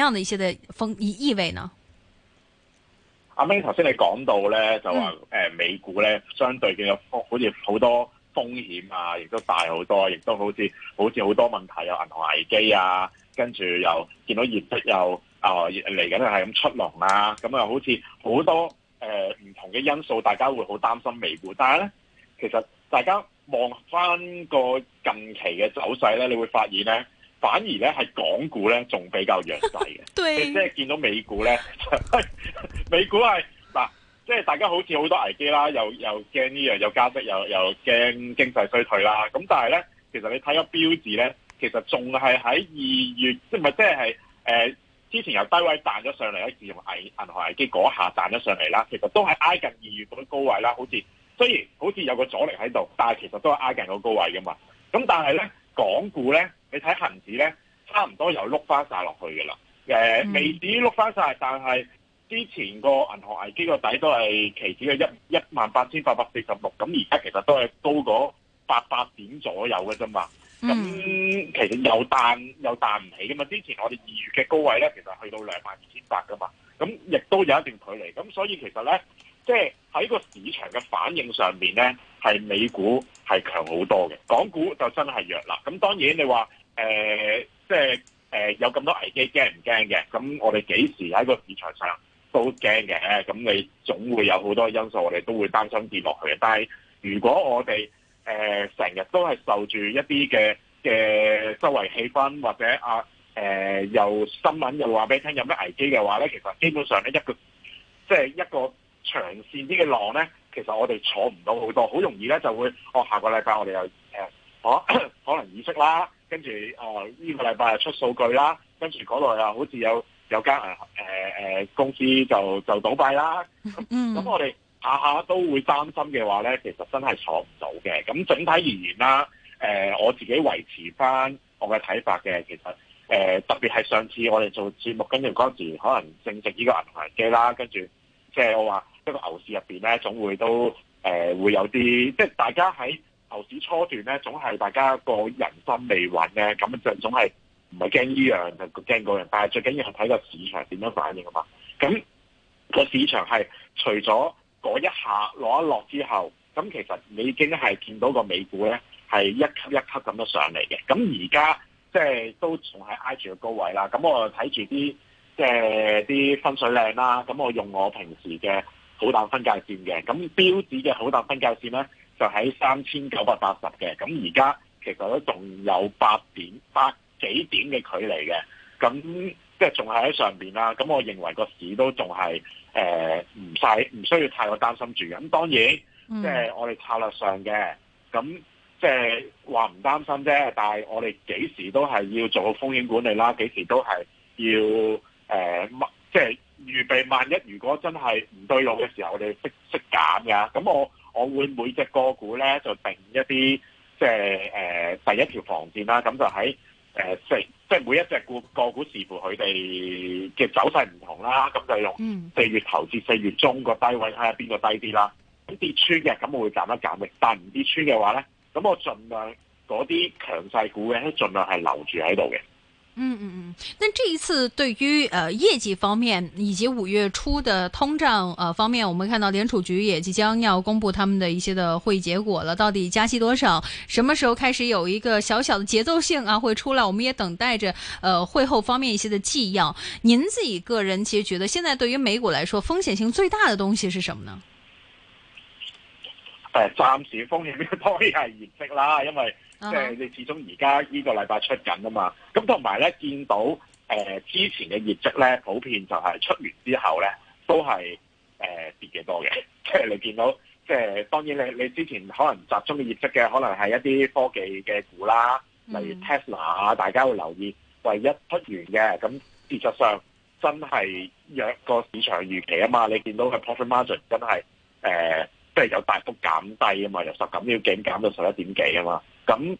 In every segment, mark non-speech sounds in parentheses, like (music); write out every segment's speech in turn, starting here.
什麼樣的一些的風意味呢？阿 May 頭先你講到呢，就話誒，美股呢，相對嘅好似好多風險啊，亦都大好多，亦都好似好似好多問題，有銀行危機啊，跟住又見到業績又啊嚟緊係咁出籠啊，咁啊，好似好多誒唔同嘅因素，大家會好擔心美股。但係呢，其實大家望翻個近期嘅走勢呢，你會發現呢。反而咧係港股咧，仲比較弱勢嘅。 (laughs) 你即係見到美股咧， (laughs) 美股係嗱，即、啊、係、即係、大家好似好多危機啦，又又驚呢樣，又加息，又又驚經濟衰退啦。咁但係咧，其實你睇個標誌咧，其實仲係喺二月，即係咪？係即係誒之前由低位彈咗上嚟，一次用銀銀行危機嗰下彈咗上嚟啦。其實都係挨近二月嗰個高位啦，好似雖然好似有個阻力喺度，但係其實都係挨近個高位㗎嘛。咁但係咧。港股咧，你睇恆指咧，差唔多又碌翻曬落去噶啦。呃，嗯。未至於碌翻曬，但係之前個銀行危機個底都係期指嘅一一萬八千八百四十六，咁而家其實都係高過八百點左右嘅啫嘛。咁其實又彈又彈唔起噶嘛。之前我哋二月嘅高位咧，其實去到兩萬二千八噶嘛。咁亦都有一定距離。咁所以其實咧，即係喺個市場嘅反應上面咧，係美股，係強好多嘅，港股就真係弱啦。咁當然你話誒，即係誒有咁多危機驚唔驚嘅？咁我哋幾時喺個市場上都驚嘅。咁你總會有好多因素，我哋都會擔心跌落去嘅。但係如果我哋誒成日都係受住一啲嘅嘅周圍氣氛或者啊誒、呃、又新聞又話俾你聽有咩危機嘅話咧，其實基本上咧一個即係、就是、一個長線啲嘅浪咧。其實我哋坐唔到好多，好容易咧就會哦。下個禮拜我哋又誒可、呃、可能議息啦，跟住誒呢個禮拜又出數據啦，跟住嗰度又好似有有間銀、呃、公司就就倒閉啦。咁、嗯嗯、我哋下下都會擔心嘅話咧，其實真係坐唔到嘅。咁整體而言啦，誒、呃、我自己維持返我嘅睇法嘅，其實誒、呃、特別係上次我哋做節目，跟住嗰時可能正值呢個銀行機啦，跟住。即、就、係、是、我話一個牛市入邊咧，總會都誒、呃、會有啲，即係大家喺牛市初段咧，總係大家個人心未穩嘅，咁就總係唔係驚依樣就驚嗰樣，就是、人但係最緊要係睇、個市場點樣反應啊嘛。咁個市場係除咗嗰一下落一落之後，咁其實你已經係見到個美股咧係一級一級咁樣上嚟嘅。咁而家即係都仲係挨住個高位啦。咁我睇住啲。即係啲分水嶺啦、啊，咁我用我平時嘅好淡分界線嘅，咁標指嘅好淡分界線咧就喺三千九百八十嘅，咁而家其實都仲有八點八幾點嘅距離嘅，咁即係仲係喺上邊啦、啊。咁我認為個市都仲係誒唔使唔需要太過擔心住。咁當然即係、就是、我哋策略上嘅，咁即係話唔擔心啫。但係我哋幾時都係要做個風險管理啦，幾時都係要。誒、呃、即係預備萬一，如果真係唔對路嘅時候，我哋識識減㗎。咁我我會每隻個，個股咧就定一啲即係誒、呃、第一條防線啦。咁就喺誒、呃、即係每一隻股個，個，個股視乎佢哋嘅走勢唔同啦。咁就用四月頭至四月中個低位睇下邊個低啲啦。咁跌穿嘅，咁我會減一減嘅。但唔跌穿嘅話咧，咁我盡量嗰啲強勢股嘅盡量係留住喺度嘅。嗯嗯嗯，那、嗯、這一次對於呃業績方面以及五月初的通脹呃方面，我們看到聯儲局也即將要公布他們的一些的會議結果了，到底加息多少，什麼時候開始有一個小小的節奏性啊會出來，我們也等待着呃會後方面一些的紀要。您自己個人其實覺得現在對於美股來說，風險性最大的東西是什麼呢？哎、呃，暫時風險應該係業績啦，因為。即係你始終而家呢個禮拜出緊啊嘛，咁同埋咧見到誒、呃、之前嘅業績咧，普遍就係出完之後咧都係誒、呃、跌幾多嘅，即、就、係、是、你見到即係、就是、當然你你之前可能集中嘅業績嘅可能係一啲科技嘅股啦，例如 Tesla 啊，mm. 大家會留意，唯、就是、一出完嘅咁事實上真係有個市場預期啊嘛，你見到佢 profit margin 真係誒即係有大幅減低啊嘛，由十要幾減到十一點幾啊嘛。咁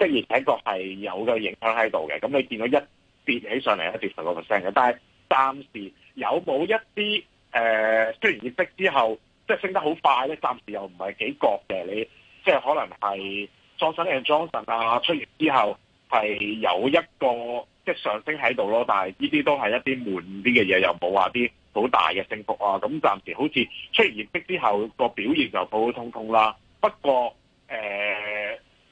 即然睇到係有個影響喺度嘅，咁你見到一跌起上嚟一跌十個 percent 嘅，但係暫時有冇一啲誒、呃、雖然業績之後即係升得好快咧，暫時又唔係幾覺嘅，你即係可能係莊臣 and 莊臣啊出嚟之後係有一個即係上升喺度咯，但係呢啲都係一啲悶啲嘅嘢，又冇話啲好大嘅升幅啊，咁暫時好似出業績之後個表現就普普通通啦。不過誒。呃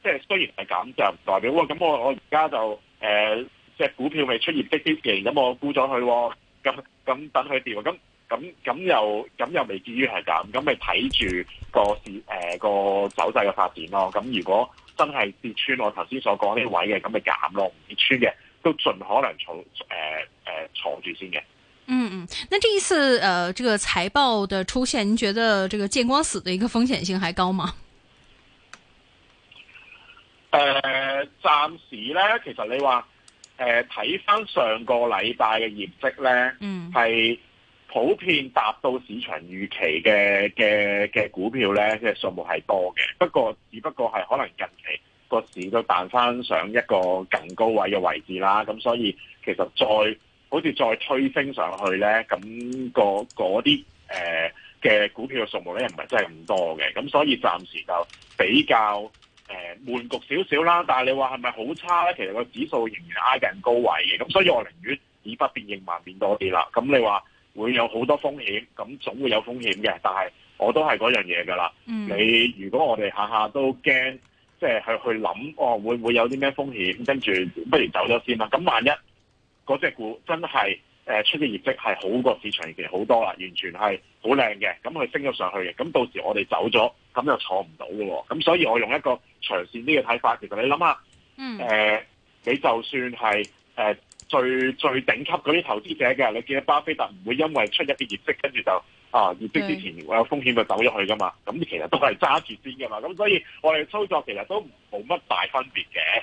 即係雖然係減就代表哇，咁我我而家就誒隻股票未出現跌跌型，咁我估咗佢，咁咁等佢跌，咁咁咁又咁又未至於係減，咁咪睇住個市誒個走勢嘅發展咯。咁如果真係跌穿我頭先所講呢位嘅，咁咪減咯；唔跌穿嘅都盡可能坐誒誒坐住先嘅。嗯嗯，嗱呢一次誒、呃、呢個財報的出現，你覺得呢個見光死嘅一個風險性還高嗎？誒、呃，暫時咧，其實你話誒，睇、呃、翻上個禮拜嘅業績咧，係、嗯、普遍達到市場預期嘅嘅嘅股票咧，即數目係多嘅。不過只不過係可能近期個市都彈翻上一個更高位嘅位置啦，咁所以其實再好似再推升上去咧，咁、那個嗰啲誒嘅股票嘅數目咧，又唔係真係咁多嘅。咁所以暫時就比較。誒、呃，悶局少少啦，但係你話係咪好差咧？其實個指數仍然挨近高位嘅，咁所以我寧願以不變應萬變多啲啦。咁你話會有好多風險，咁總會有風險嘅，但係我都係嗰樣嘢噶啦。你如果我哋下下都驚，即係去去諗，哦會唔會有啲咩風險？跟住不如走咗先啦。咁萬一嗰隻股真係～誒，出嘅業績係好過市場其實好多啦，完全係好靚嘅，咁佢升咗上去嘅，咁到時我哋走咗，咁又坐唔到嘅喎，咁所以我用一個長線呢個睇法，其實你諗下，誒、嗯呃、你就算係誒、呃、最最頂級嗰啲投資者嘅，你見到巴菲特唔會因為出一啲業績跟住就啊業績之前有風險就走咗去噶嘛，咁其實都係揸住先噶嘛，咁所以我哋操作其實都冇乜大分別嘅。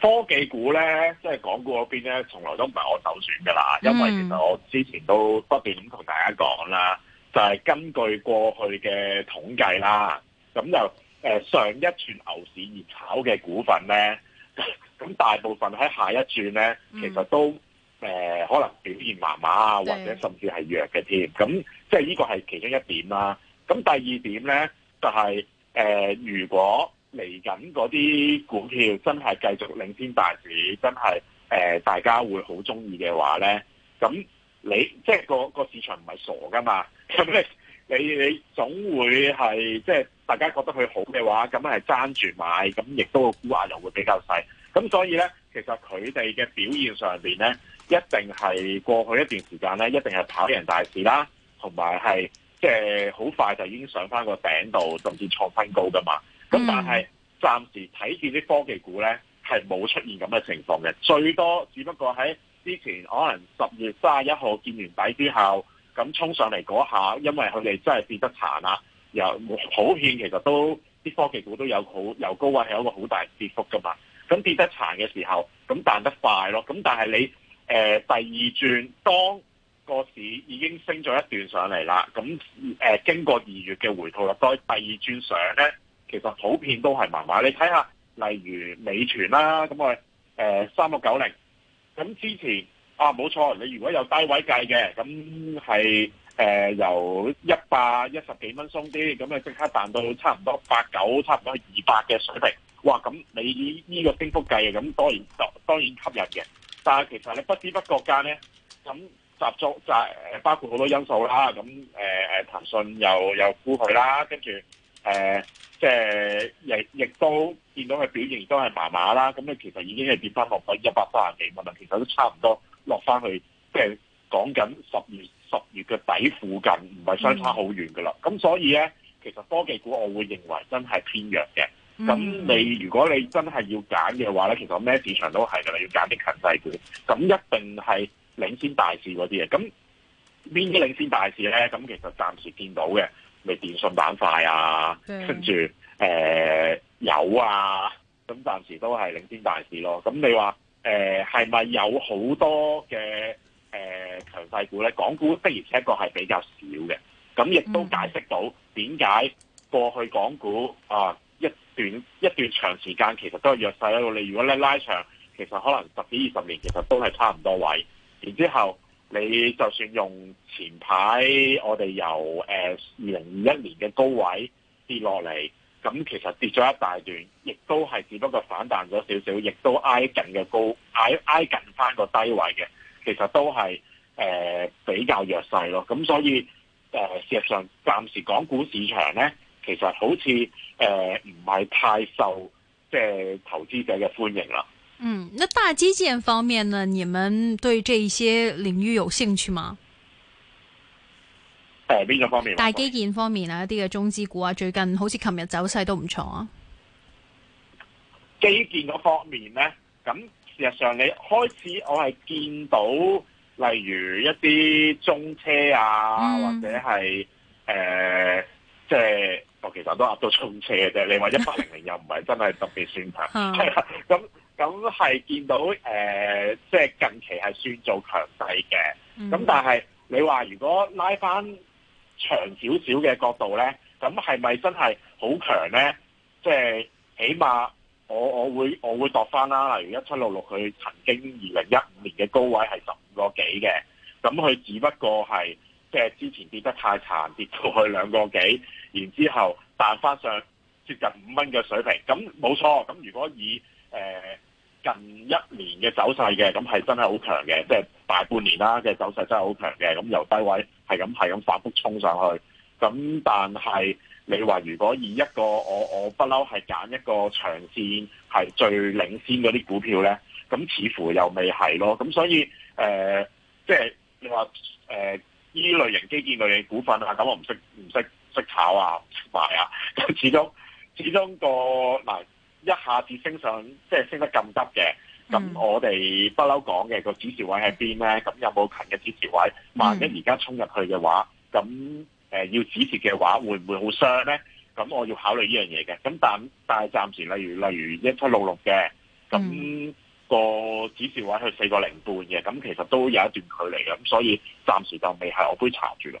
科技股咧，即係港股嗰邊咧，從來都唔係我首選嘅啦。因為其實我之前都不斷咁同大家講啦，就係、是、根據過去嘅統計啦，咁就、呃、上一轉牛市熱炒嘅股份咧，咁大部分喺下一轉咧，其實都誒、嗯呃、可能表現麻麻啊，或者甚至係弱嘅添。咁、嗯、即係呢個係其中一點啦。咁第二點咧，就係、是、誒、呃、如果，嚟緊嗰啲股票真係繼續領先大市，真係誒、呃，大家會好中意嘅話咧，咁你即係個個市場唔係傻噶嘛，咁你你你總會係即係大家覺得佢好嘅話，咁係爭住買，咁亦都估壓又會比較細，咁所以咧，其實佢哋嘅表現上邊咧，一定係過去一段時間咧，一定係跑贏大市啦，同埋係即係好快就已經上返個頂度，甚至創新高噶嘛。咁但係暫時睇住啲科技股咧，係冇出現咁嘅情況嘅。最多只不過喺之前可能十月三十一號見完底之後，咁衝上嚟嗰下，因為佢哋真係跌得殘啦又普遍其實都啲科技股都有好由高位係一個好大跌幅噶嘛。咁跌得殘嘅時候，咁彈得快咯。咁但係你誒、呃、第二轉，當個市已經升咗一段上嚟啦，咁誒、呃、經過二月嘅回吐啦，再第二轉上咧。其實普遍都係麻麻，你睇下，例如美團啦，咁、呃、啊，誒三六九零，咁之前啊冇錯，你如果有低位計嘅，咁係誒由一百一十幾蚊鬆啲，咁啊即刻彈到差唔多八九，差唔多二百嘅水平，哇！咁你呢個升幅計嘅咁當然當然吸引嘅。但係其實你不知不覺間咧，咁集作就係包括好多因素啦。咁誒誒，騰、呃、訊又又沽佢啦，跟住。誒、呃，即係亦亦都見到嘅表現都係麻麻啦。咁你其實已經係跌翻落咗一百三十幾蚊啦。其實都差唔多落翻去，即係講緊十月十月嘅底附近，唔係相差好遠噶啦。咁、嗯、所以咧，其實科技股我會認為真係偏弱嘅。咁你如果你真係要揀嘅話咧，其實咩市場都係噶啦，要揀啲強勢股。咁一定係領先大市嗰啲嘢。咁邊啲領先大市咧？咁其實暫時見到嘅。咪電信板塊啊，跟住誒有啊，咁暫時都係領先大市咯。咁你話誒係咪有好多嘅誒強勢股咧？港股的而且確係比較少嘅，咁亦都解釋到點解過去港股啊一段一段長時間其實都係弱勢啦。你如果咧拉長，其實可能十幾二十年其實都係差唔多位，然之後。你就算用前排我哋由誒二零二一年嘅高位跌落嚟，咁其實跌咗一大段，亦都係只不過反彈咗少少，亦都挨近嘅高挨挨近返個低位嘅，其實都係誒、呃、比較弱勢咯。咁所以誒、呃、事實上暫時港股市場咧，其實好似誒唔係太受即係、就是、投資者嘅歡迎啦。嗯，那大基建方面呢？你們對這些領域有興趣嗎？誒、呃，邊個方面？大基建方面啊，一啲嘅中資股啊，最近好似琴日走勢都唔錯啊。基建嗰方面呢，咁事實上你開始我係見到，例如一啲中車啊，嗯、或者係誒，即、呃、係、就是、其實都壓到中車嘅啫。你話一八零零又唔係真係特別鮮明，咁。 (laughs) (laughs) (laughs) 咁係見到誒，即、呃、係、就是、近期係算做強勢嘅。咁、嗯、但係你話，如果拉翻長少少嘅角度呢，咁係咪真係好強呢？即、就、係、是、起碼我我會我會度翻啦。例如一七六六佢曾經二零一五年嘅高位係十五個幾嘅，咁佢只不過係即係之前跌得太殘，跌到去兩個幾，然之後彈翻上接近五蚊嘅水平。咁冇錯，咁如果以誒，近一年嘅走勢嘅，咁係真係好強嘅，即係大半年啦嘅走勢真係好強嘅，咁由低位係咁係咁反覆衝上去。咁但係你話，如果以一個我我不嬲係揀一個長線係最領先嗰啲股票咧，咁似乎又未係咯。咁所以誒，即係你話誒，呢類型基建類型股份啊，咁我唔識唔識識炒啊，唔識買啊。咁始終始終個嗱。一下子升上即係、就是、升得咁急嘅，咁我哋不嬲講嘅個支持位喺邊咧？咁有冇近嘅支持位？萬一而家衝入去嘅話，咁誒，要支持嘅話會唔會好傷咧？咁我要考慮呢樣嘢嘅。咁但但係暫時，例如例如一七六六嘅，咁個支持位去四個零半嘅，咁其實都有一段距離嘅，咁所以暫時就未係我杯茶住咯。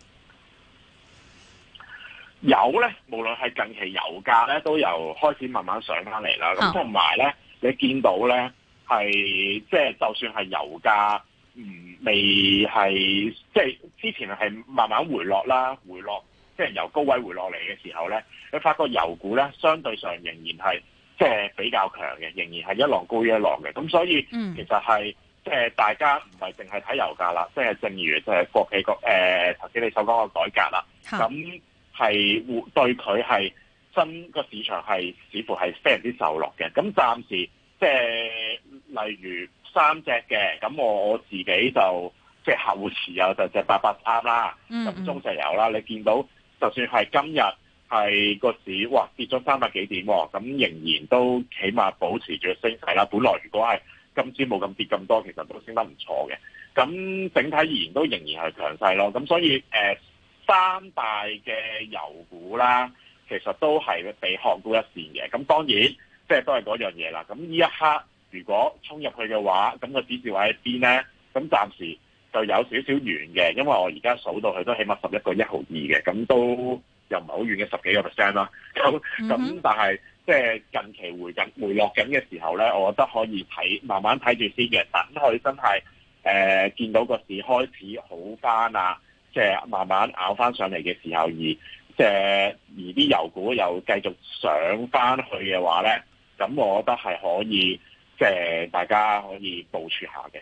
油咧，無論係近期油價咧，都由開始慢慢上返嚟啦。咁同埋咧，你見到咧係即係，就，是、就算係油價唔、嗯、未係即係之前係慢慢回落啦，回落即係、就是、由高位回落嚟嘅時候咧，你發覺油股咧相對上仍然係即係比較強嘅，仍然係一浪高一浪嘅。咁所以、mm. 其實係即係大家唔係淨係睇油價啦，即、就、係、是、正如即係國企個誒頭先你所講個改革啦，咁、oh.。係活對佢係真個市場係似乎係非常之受落嘅。咁暫時即係例如三隻嘅，咁我自己就即係客戶持有就就八百三啦。咁中石油啦，你見到就算係今日係個市哇跌咗三百幾點，咁仍然都起碼保持住升勢啦。本來如果係今次冇咁跌咁多，其實都升得唔錯嘅。咁整體而言都仍然係強勢咯。咁所以、呃三大嘅油股啦，其實都係被看高一線嘅。咁當然，即、就、係、是、都係嗰樣嘢啦。咁呢一刻如果衝入去嘅話，咁個指示位喺邊咧？咁暫時就有少少遠嘅，因為我而家數到佢都起碼十一個一毫二嘅，咁都又唔係好遠嘅十幾個 percent 啦。咁咁，但係即係近期回緊回落緊嘅時候咧，我覺得可以睇慢慢睇住先嘅，等佢真係誒、呃、見到個市開始好返啊！即係慢慢咬翻上嚟嘅時候，而即係而啲油股又繼續上翻去嘅話咧，咁我覺得係可以，即係大家可以部署下嘅。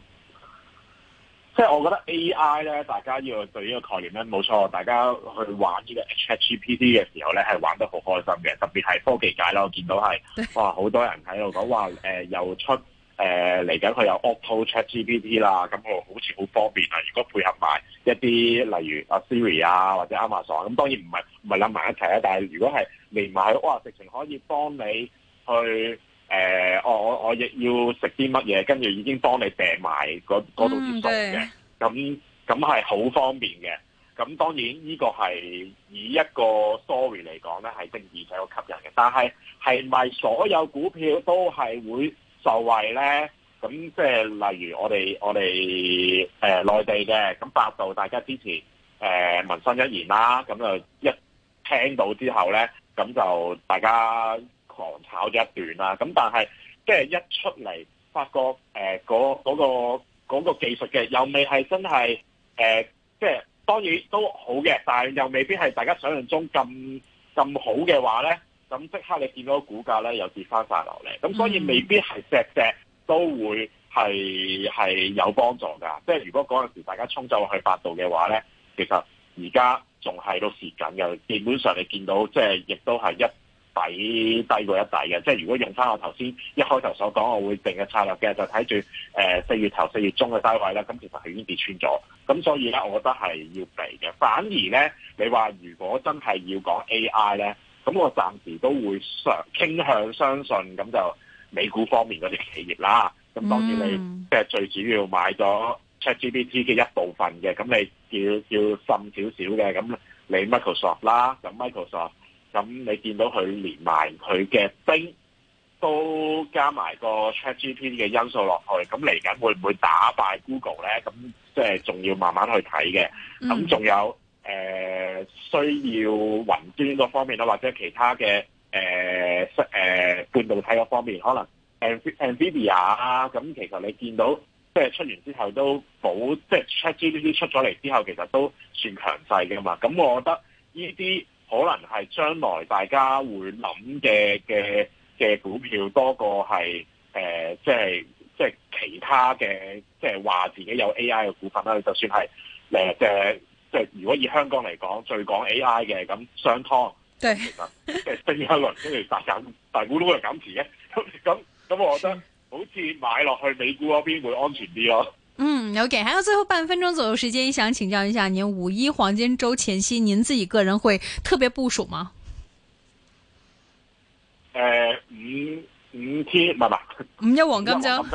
即係我覺得 A I 咧，大家要對呢個概念咧，冇錯。大家去玩呢個 Chat G P T 嘅時候咧，係玩得好開心嘅。特別係科技界啦，我見到係哇，好多人喺度講話，誒、呃，又出誒嚟緊佢有 Auto Chat G P T 啦。咁我好似好方便啊！如果配合埋一啲例如 Siri 啊或者 Amazon，咁，當然唔係唔係諗埋一齊啊。但係如果係連埋佢，哇，直情可以幫你去。誒，我我我亦要食啲乜嘢，跟住已經幫你訂埋嗰嗰度啲餸嘅，咁咁係好方便嘅。咁當然呢個係以一個 story 嚟講咧，係正義，係好吸引嘅。但係係咪所有股票都係會受惠咧？咁即係例如我哋我哋誒內地嘅，咁百度大家之前誒文心一言啦，咁就一聽到之後咧，咁就大家。狂炒咗一段啦，咁但係即係一出嚟，發覺誒嗰嗰個技術嘅又未係真係誒，即、呃、係、即係、當然都好嘅，但係又未必係大家想像中咁咁好嘅話咧，咁即刻你見到個股價咧又跌翻晒落嚟，咁所以未必係隻隻都會係係有幫助噶。即、嗯、係如果嗰陣時大家衝走去百度嘅話咧，其實而家仲係都蝕緊嘅。基本上你見到即係亦都係一。抵低過一底嘅，即係如果用翻我頭先一開頭所講，我會定嘅策略嘅，就睇住誒四月頭、四月中嘅低位啦。咁其實係已經跌穿咗，咁所以咧，我覺得係要避嘅。反而咧，你話如果真係要講 AI 咧，咁我暫時都會相傾向相信，咁就美股方面嗰啲企業啦。咁當然你即係最主要買咗 ChatGPT 嘅一部分嘅，咁你要要滲少少嘅，咁你 Microsoft 啦，咁 Microsoft。咁你見到佢連埋佢嘅兵，都加埋個 ChatGPT 嘅因素落去，咁嚟緊會唔會打敗 Google 咧？咁即係仲要慢慢去睇嘅。咁仲有、嗯呃、需要雲端嗰方面啦，或者其他嘅、呃呃、半導體嗰方面，可能 NVIDIA 啊，咁其實你見到即係、就是、出完之後都保，即係 ChatGPT 出咗嚟之後，其實都算強勢嘅嘛。咁我覺得呢啲。可能係將來大家會諗嘅嘅嘅股票多過係誒，即係即係其他嘅，即係話自己有 AI 嘅股份啦。就算係誒，即係即係，如果以香港嚟講最講 AI 嘅，咁商湯，對，即係升一輪，跟住突然大股東又減持嘅，咁 (laughs) 咁我覺得好似買落去美股嗰邊會安全啲咯。嗯，OK，還有最後半分鐘左右時間，想請教一下您五一黃金周前夕，您自己個人會特別部署嗎？誒、呃，五五天，唔係唔係，五一黃金周，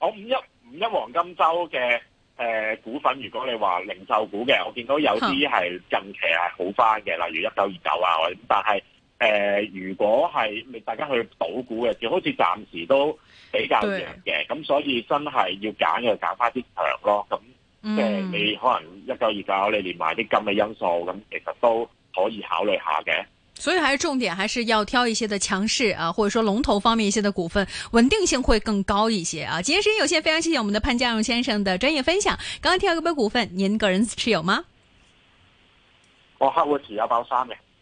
我五一五一黃金周嘅誒股份，如果你話零售股嘅，我見到有啲係近期係好返嘅，例如一九二九啊，咁但係。誒、呃，如果係大家去賭股嘅，就好似暫時都比較弱嘅，咁所以真係要揀嘅揀翻啲強咯。咁即係你可能一九二九，你連埋啲金嘅因素，咁其實都可以考慮下嘅。所以還是重點，還是要挑一些嘅強勢啊，或者說龍頭方面一些嘅股份，穩定性會更高一些啊。今日時間有限，非常謝謝我們的潘家榮先生嘅專業分享。剛剛提到嗰股份，您個人持有嗎？我 h o 持有一包三嘅。